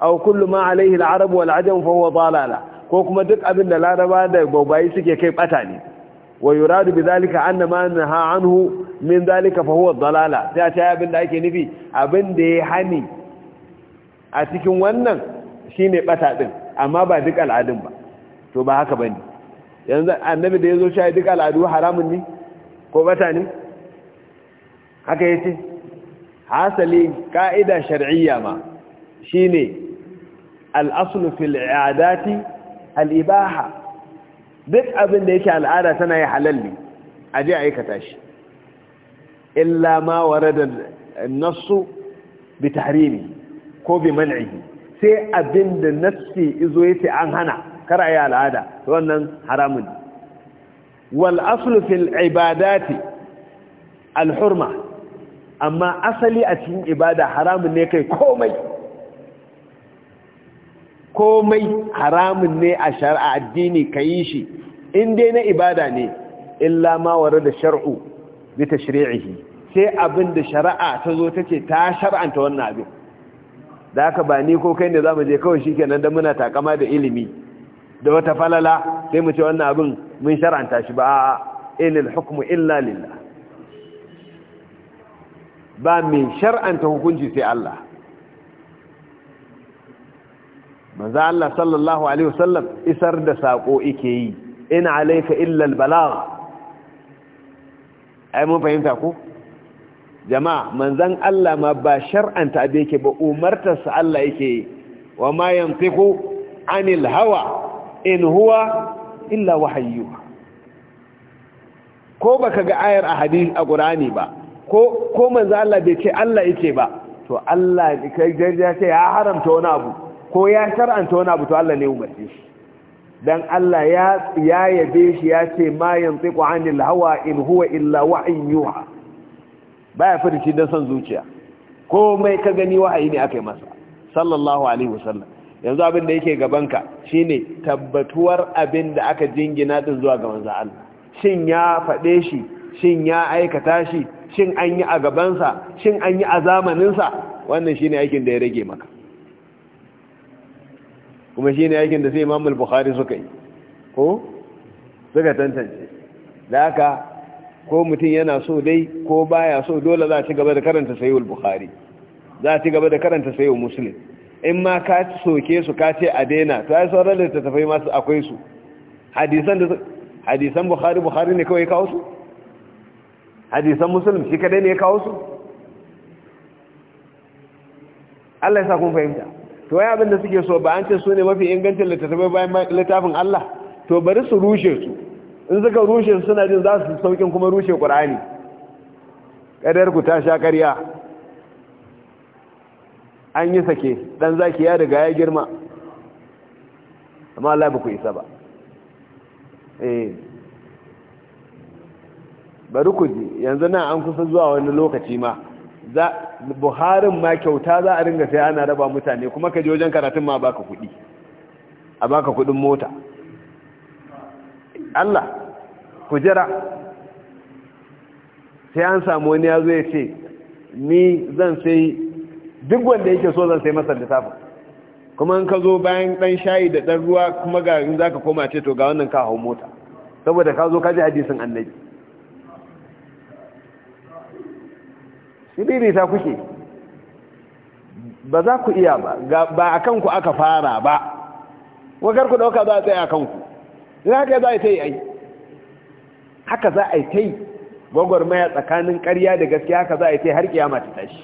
aw kullu ma alaihi al'arab wal ajam fa huwa dalala ko kuma duk abin da laraba da baubayi suke kai bata ne wa yuradu bi zalika anna ma naha min zalika fa huwa dalala sai a ce abin da ake nufi abin ya hani a cikin wannan shine bata din amma ba duk al'adun ba to ba haka bane yanzu annabi da yazo shi duk al'adu haramun ne ko bata ne haka yace hasali ka'ida shar'iyya ma shine al-aslu fil i'adati al-ibaha duk abin da yake al'ada tana yi halal ne a je aikata shi illa ma warada nassu bi tahrimi ko bi man'i sai abin da nassi izo yace an hana kar ayi al'ada wannan haramun wal aslu fil ibadati al hurma amma asali a cikin ibada haramun ne kai komai komai haramun ne a shari'a addini ka yi shi in dai na ibada ne illa ma ware da shar'u bi sai abin da shari'a ta zo ta ce ta shari'anta wannan abin da haka ba ni ko kai ne za mu je kawai shi kenan da muna takama da ilimi da wata falala sai mu ce wannan abin mun shari'anta shi ba inil hukmu illa lillah ba mai shari'anta hukunci sai Allah manzo Allah sallallahu alaihi wasallam isar da sako yake yi in alayka illa albalagh ai mun fahimta ku? jama'a manzan Allah ma ba shar'anta abe yake ba umartar sa Allah yake wa ma yantiqu anil hawa in huwa illa wahayyuha ko baka ga ayar a hadisi a qur'ani ba ko ko manzo Allah bai ce Allah yake ba to Allah kai garja ce ya haramta wani abu ko ya shar'anta wani abu to Allah ne umarce shi dan Allah ya ya yabe shi ya ce ma yantiqu anil hawa in huwa illa wahyin yuha baya shi dan san zuciya komai ka gani wahayi ne akai masa sallallahu alaihi wasallam yanzu abin da yake gabanka shine tabbatuwar abin da aka jingina din zuwa ga manzo Allah shin ya fade shi shin ya aikata shi shin an yi a gabansa shin an yi a zamaninsa wannan shine aikin da ya rage maka kuma shi ne aikin da sai imamul bukhari suka yi ko suka tantance da haka ko mutum yana so dai ko baya so dole za a ci gaba da karanta sayi bukhari za a ci gaba da karanta sayi muslim in ma ka soke su ka ce a daina to ai sauran tafai masu akwai su hadisan da hadisan bukhari bukhari ne kawai kawo su hadisan muslim shi kadai ne ya kawo su Allah ya sa kun fahimta to ya abinda suke so ba an ce su ne mafi ingancin littattafai bayan littafin Allah to bari su rushe su in suka rushe su suna jin za su saukin kuma rushe ƙur'ani ƙadar ku ta sha ƙarya an yi sake ɗan zaki ya riga ya girma amma Allah ba ku isa ba eh bari ku ji yanzu nan an kusa zuwa wani lokaci ma buharin ma kyauta za a ringa sai ana raba mutane kuma ka je wajen karatun ma baka kuɗi a baka kuɗin mota Allah ku jira sai an samu wani ya zo ya ce ni zan sai duk wanda yake so zan sai masa littafin kuma in ka zo bayan ɗan shayi da ɗan ruwa kuma ga in za ka koma ce to ga wannan ka hau mota saboda ka zo ka ji hadisin annabi ta kuke ba za ku iya ba ba a kanku aka fara ba wakar ku dauka za a tsaye a kanku za ka za a ta yi ai haka za a ta yi gwagwarmaya tsakanin karya da gaskiya haka za a ta yi har kiyama ta tashi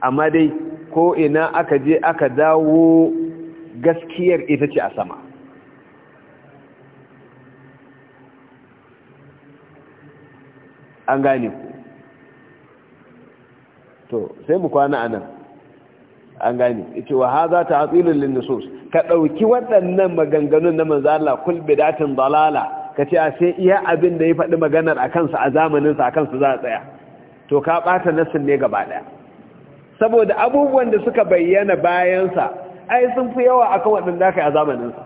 amma dai ko ina aka je aka dawo gaskiyar ita ce a sama an gane ku to sai mu kwana anan an gane yace wa hadha ta'tilun lin nusus ka dauki waɗannan maganganun na manzo Allah kul bidatin dalala kace a sai iya abin da ya faɗi maganar akan sa a zamanin sa akan sa za tsaya to ka bata nasin ne gaba daya saboda abubuwan da suka bayyana bayan sa ai sun fi yawa akan waɗanda kai a zamanin sa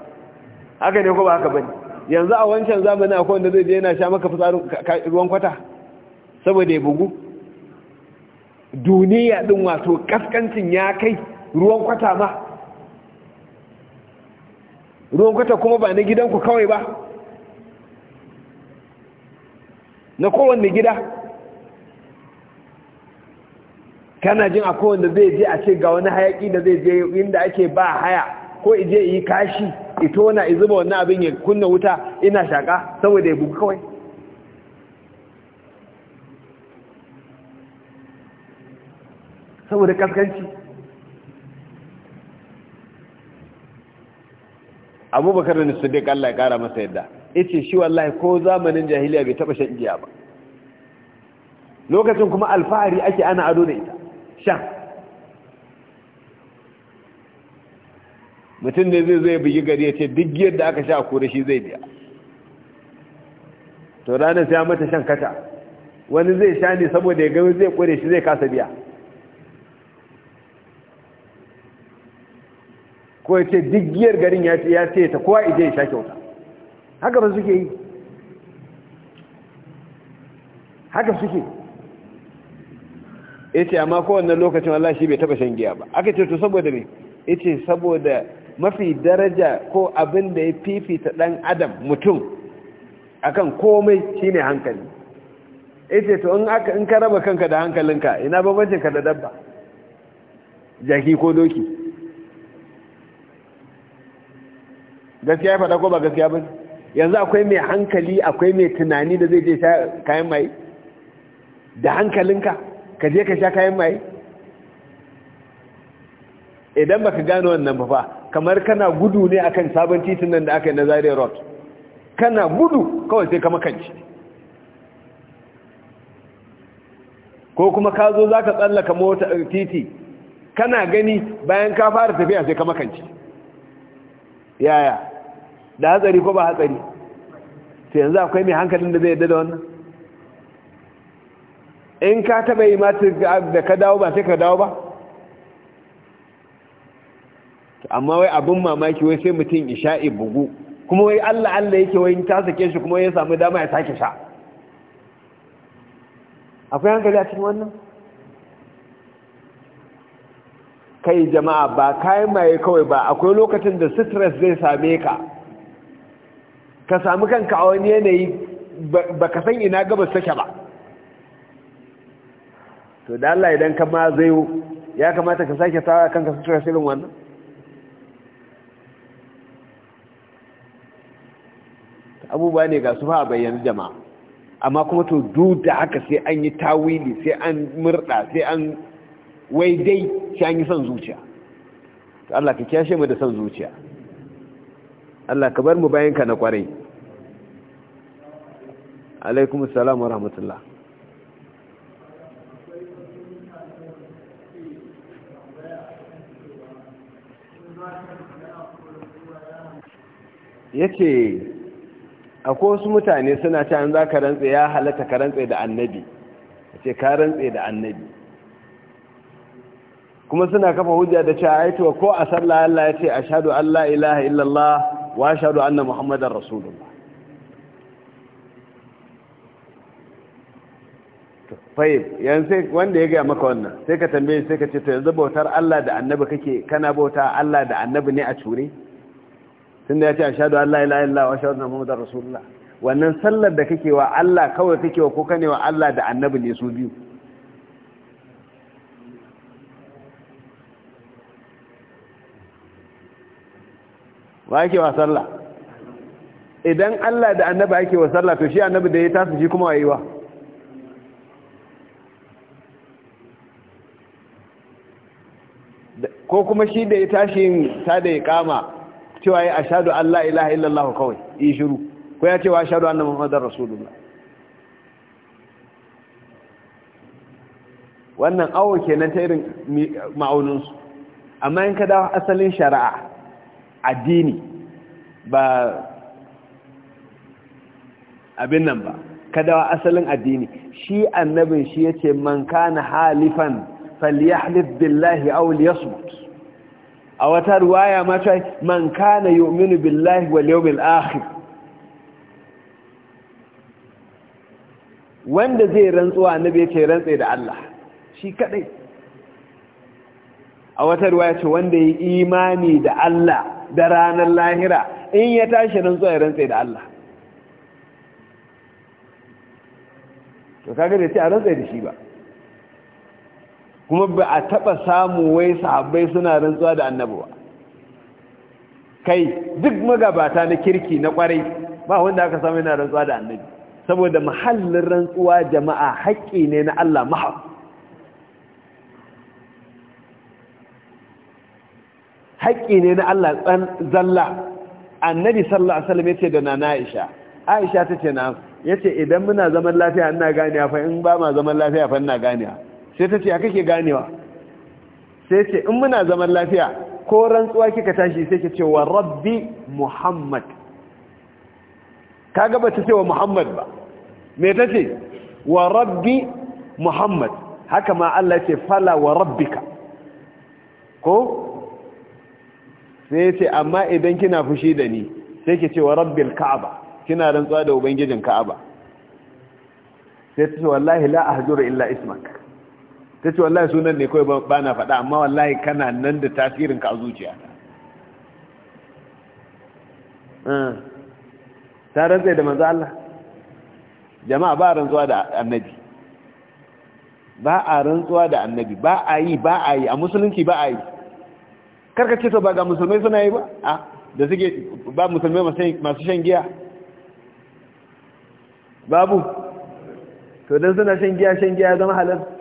haka ne ko ba haka bane yanzu a wancan zamanin akwai wanda zai je yana sha maka fitsarin ruwan kwata saboda ya bugu duniya ɗin wato kaskancin ya kai ruwan kwata ma ruwan kwata kuma ba na gidanku kawai ba na kowanne gida kana jin a kowanne zai je a ce ga wani hayaki da zai je inda ake ba haya ko ije yi kashi ito na izuba wannan abin ya kunna wuta ina shaƙa saboda ya bugu kawai saboda kaskanci abubakar da dai kalla ya kara masa yadda ce shi wallahi ko zamanin jahiliya bai taba shan giya ba lokacin kuma alfahari ake ana ado da ita shan mutum ne zai zai bugi gari ya ce duk giyar da aka sha ko shi zai biya to ranar sai ya mata shan kata wani zai sha ne saboda ya gani zai kure shi zai kasa biya ko ya ce digiyar garin ya ce ya ce ta kowa ije ya sha kyauta haka ba suke yi haka suke ya ce amma kowanne lokacin Allah shi bai taba shan giya ba aka ce to saboda ne ya ce saboda mafi daraja ko abin da ya fifita ɗan adam mutum akan komai shine hankali ya ce to in ka raba kanka da hankalinka ina babancinka da dabba jaki ko doki gaskiya ya faɗa ko ba gaskiya ba yanzu akwai mai hankali akwai mai tunani da zai je sha kayan maye da hankalinka ka je ka sha kayan maye idan baka gano wannan ba kamar kana gudu ne akan sabon titin nan da aka yi na Zaria road kana gudu kawai sai ka makanci ko kuma ka zo za ka tsallaka mota eh, titi kana gani bayan ka fara tafiya sai ka makanci yaya da hatsari ko ba hatsari sai yanzu akwai mai hankalin da zai yadda da wannan in ka taɓa yi mata da ka dawo ba sai ka dawo ba amma wai abin mamaki wai sai mutum isha bugu kuma wai allah allah yake wai ta sake shi kuma ya samu dama ya sake sha akwai hankali a cikin wannan kai jama'a ba kayan maye kawai ba akwai lokacin da stress zai same ka ka samu kanka a wani yanayi ba ka san ina gabas take ba to da Allah idan ka ma ya kamata ka sake sa kanka sutura shirin wannan abubuwa ne ga su fa a bayyana jama'a amma kuma to duk da haka sai an yi tawili sai an murda sai an wai dai sai an yi son zuciya Allah ka kyashe mu da son zuciya Allah ka bar mu bayan ka na kwarai alaikum salam wa rahmatullah ce akwai wasu mutane suna ta an za ka rantse ya halatta ka rantse da annabi a ce ka rantse da annabi kuma suna kafa hujja da cewa aitowa ko a sallah Allah ya ce ashhadu an la ilaha illallah wa ashhadu anna muhammadar rasulullah fayib yanzu wanda ya gaya maka wannan sai ka tambaye sai ka ce to yanzu bautar Allah da annabi kake kana bauta Allah da annabi ne a cure tunda ya ce ashhadu Allah la ilaha illallah wa ashhadu anna muhammadar rasulullah wannan sallar da kake wa Allah kawai kake wa ko kane wa Allah da annabi ne su biyu wa ake wa sallah idan Allah da annabi ake wa sallah to shi annabi da ya tasu shi kuma wayewa ko kuma shi da ya tashi ta da ya kama cewa ya ashadu Allah ilaha illallah kawai yi shiru ko ya cewa ashadu annan muhammadar rasulullah wannan awo kenan ta irin ma'auninsu amma in ka dawo asalin shari'a addini ba abin nan ba kadawa asalin addini shi annabin shi ya ce man kana halifan falyahlif billahi aw liyasmut a wata ruwaya mata man kana yu'minu billahi wal yawmil akhir wanda zai rantsuwa annabi ya ce rantsai da Allah shi kadai a wata ruwaya ce wanda ya imani da Allah da ranar lahira in ya tashi rantsuwa ya rantsai da Allah to kaga da ce a rantsai da shi ba kuma ba a taɓa samu wai sahabbai suna rantsuwa da annabi ba kai duk magabata na kirki na kwarai ba wanda aka samu yana rantsuwa da annabi saboda muhallin rantsuwa jama'a haƙƙi ne na Allah maha. haƙƙi ne na Allah zalla annabi sallallahu alaihi wasallam yace da nana Aisha Aisha tace na yace idan muna zaman lafiya ina ganiya fa in ba ma zaman lafiya fa ina ganiya sai ta ce a kake ganewa sai ce in muna zaman lafiya ko rantsuwa kika tashi sai ke ce wa rabbi muhammad kaga ba ta ce wa muhammad ba me ta ce wa rabbi muhammad haka ma Allah ce fala wa rabbika ko sai ce amma idan kina fushi da ni sai ke ce wa rabbil ka'aba kina rantsuwa da ubangijin ka'aba sai ta ce wallahi la ahjuru illa ismak ta ce wallahi sunan ne kawai ba na faɗa amma wallahi kana nan da tasirinka a zuciya ah. ta rantsai da manzo Allah jama'a ba rantsuwa da annabi ba a rantsuwa da annabi ba a yi ba a yi a musulunci ba a yi karkace to ba ga musulmai suna yi ba a ah, da suke ba musulmai masu shan giya babu to don suna shan giya shan giya zama halar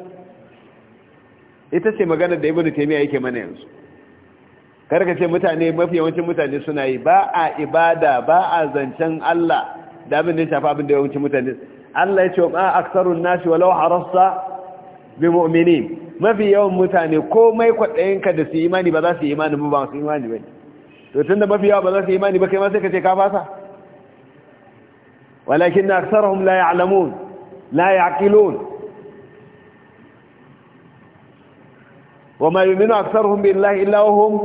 ita ce magana da ibnu taymiya yake mana yanzu karka ce mutane mafi yawancin mutane suna yi ba a ibada ba a zancen Allah da abin da ya shafa abin da yawancin mutane Allah ya ce ma aksarun nashi walau harassa bi mu'minin mafi yawan mutane komai kwaɗayinka da su imani ba za su imani ba su imani ba to tunda mafi yawa ba za su imani ba kai ma sai ka ce ka fasa walakin aksarhum la ya'lamun la ya'qilun wa ma yuminu aktsaruhum billahi illa hum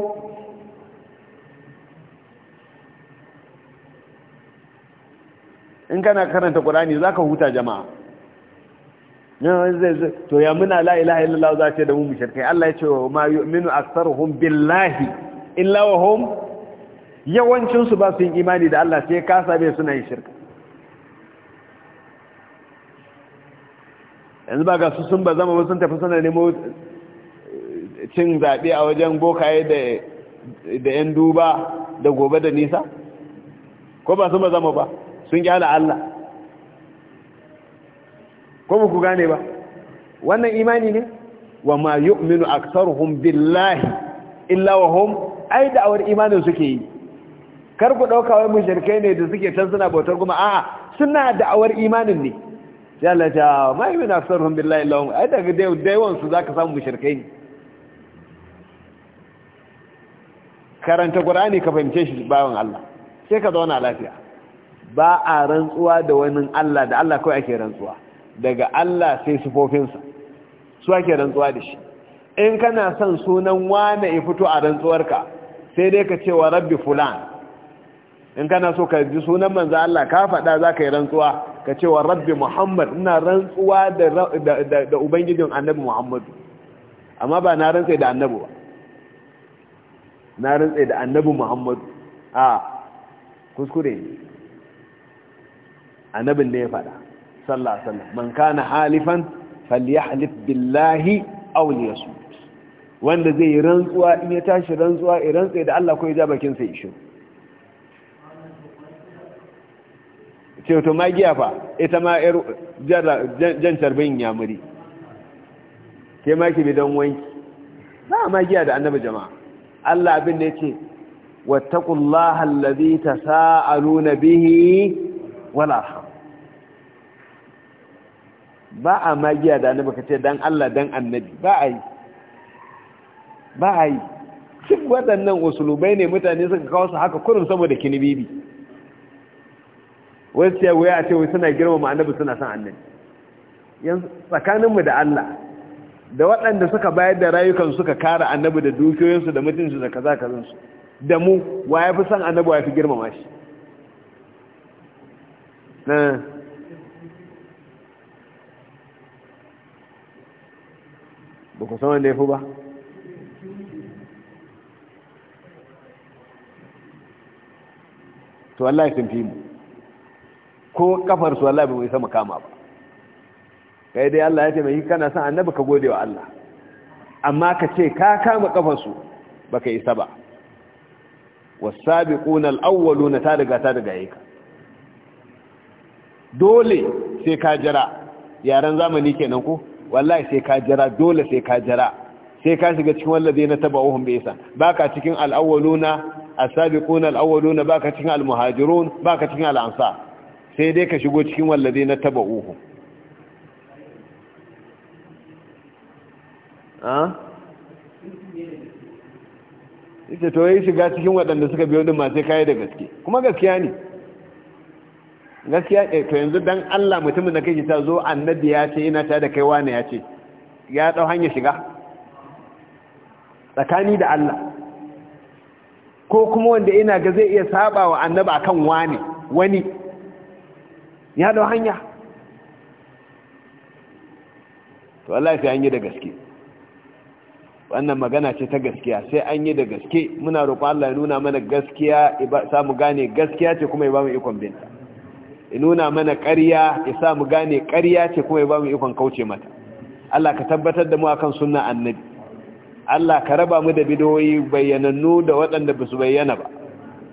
in kana karanta qur'ani zaka huta jama'a to ya muna la ilaha illallah za ce da mu mushrikai Allah ya ce wa ma yu'minu aktsaruhum billahi illa hum yawancin su ba su yin imani da Allah sai ka sabe suna yin shirka yanzu ba ga su ba zama sun tafi suna nemo cin zaɓe a wajen bokaye da 'yan duba da gobe da nisa ko ba su mazama zama ba sun kyala Allah ko ba ku gane ba wannan imani ne wa ma yu'minu aktsaruhum billahi illa wa hum ai da'awar imanin suke yi kar ku dauka wai mushrikai ne da suke tan suna bautar kuma a'a suna da'awar imanin ne ya Allah ta ma yu'minu aktsaruhum billahi illa wa hum ai daga dai dai wansu zaka samu mushrikai ne karanta gur'ani ka fahimce shi bawan Allah sai ka zauna lafiya ba a rantsuwa da wani Allah da Allah kawai ake rantsuwa daga Allah sai sifofinsa su ake rantsuwa da shi in kana son sunan wane ya fito a rantsuwarka sai dai ka ce wa rabbi fulan in kana so ka ji sunan manzo Allah ka faɗa za ka yi rantsuwa ka ce wa rabbi muhammad ina rantsuwa da ubangijin annabi muhammadu amma ba na rantsai da annabi ba na rantse da annabi muhammadu a kuskure ne annabin da ya faɗa sallah sallah man kana halifan falyahlif billahi aw liyasmut wanda zai yi rantsuwa in ya tashi rantsuwa ya rantsa da Allah ko ya ja bakin sa isho ce to magiya fa ita ma yar jan tarbin yamuri ke ma ki bidan wanki ba magiya da annabi jama'a Allah abin da yake wattaqullaha allazi tasaaluna bihi wal arham ba a magiya da annabi ce dan Allah dan annabi ba a yi ba a yi Cik waɗannan usulubai ne mutane suka kawo su haka kurin saboda kinibibi wasu ya wuya a ce wai suna girmama annabi suna san annabi yanzu tsakaninmu da Allah da waɗanda suka bayar da rayukan suka kare annabi da dukiyoyinsu da mutuncinsu da kaza da mu wa ya fi son annabi wa ya fi girmama shi eh. ba ku san wanda ya fi ba to Allah ya sun fi mu ko kafar su Allah bai sama kama ba kai dai Allah ya ce taimaki kana son annabi ka gode wa Allah amma ka ce ka kama kafarsu baka isa ba wasabiquna alawwaluna ta riga ta riga yake dole sai ka jira yaran zamani kenan ko wallahi sai ka jira dole sai ka jira sai ka shiga cikin walladina tabawuhum bi isa baka cikin alawwaluna asabiquna alawwaluna baka cikin almuhajirun baka cikin alansar sai dai ka shigo cikin walladina tabawuhum ita to yi shiga cikin waɗanda suka biyo ɗin masu kayi da gaske kuma gaskiya ne gaskiya eh, to yanzu don Allah mutumin da kake ta zo annabi ya ce ina ta da kai wane ya ce ya ɗau hanya shiga tsakani da Allah ko kuma wanda ina ga zai iya saba wa annabi akan wani wani ya ɗau hanya to Allah ya an yi da gaske wannan magana ce ta gaskiya sai an yi da gaske muna roƙon Allah ya nuna mana gaskiya sa mu gane gaskiya ce kuma ya ba mu ikon binta ya nuna mana ƙarya ya sa mu gane ƙarya ce kuma ya ba mu ikon kauce mata Allah ka tabbatar da mu akan sunna annabi Allah ka raba mu da bidoyi bayyanannu da waɗanda ba su bayyana ba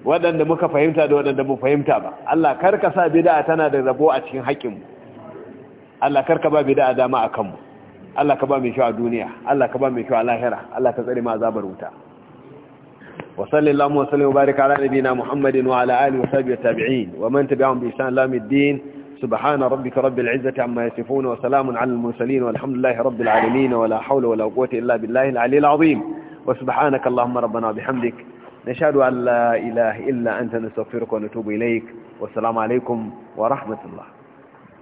waɗanda muka fahimta da waɗanda mu fahimta ba Allah kar ka sa bid'a tana da rabo a cikin haƙƙinmu Allah kar ka ba bid'a dama akan mu Allah ka ba mai kyau a duniya Allah ka ba mai kyau a lahira Allah ka tsare ma azabar wuta wa sallallahu wa sallam baraka ala nabiyina muhammadin wa ala alihi wa sahbihi tabi'in wa man tabi'ahum bi ihsan ila yawmiddin subhana rabbika rabbil izzati amma yasifun wa salamun ala al mursalin walhamdulillahi rabbil alamin wa la hawla wa la quwwata illa billahi al aliyyil azim wa subhanaka allahumma rabbana wa bihamdik nashhadu an la ilaha illa anta nastaghfiruka wa natubu ilayk wa assalamu alaikum wa rahmatullah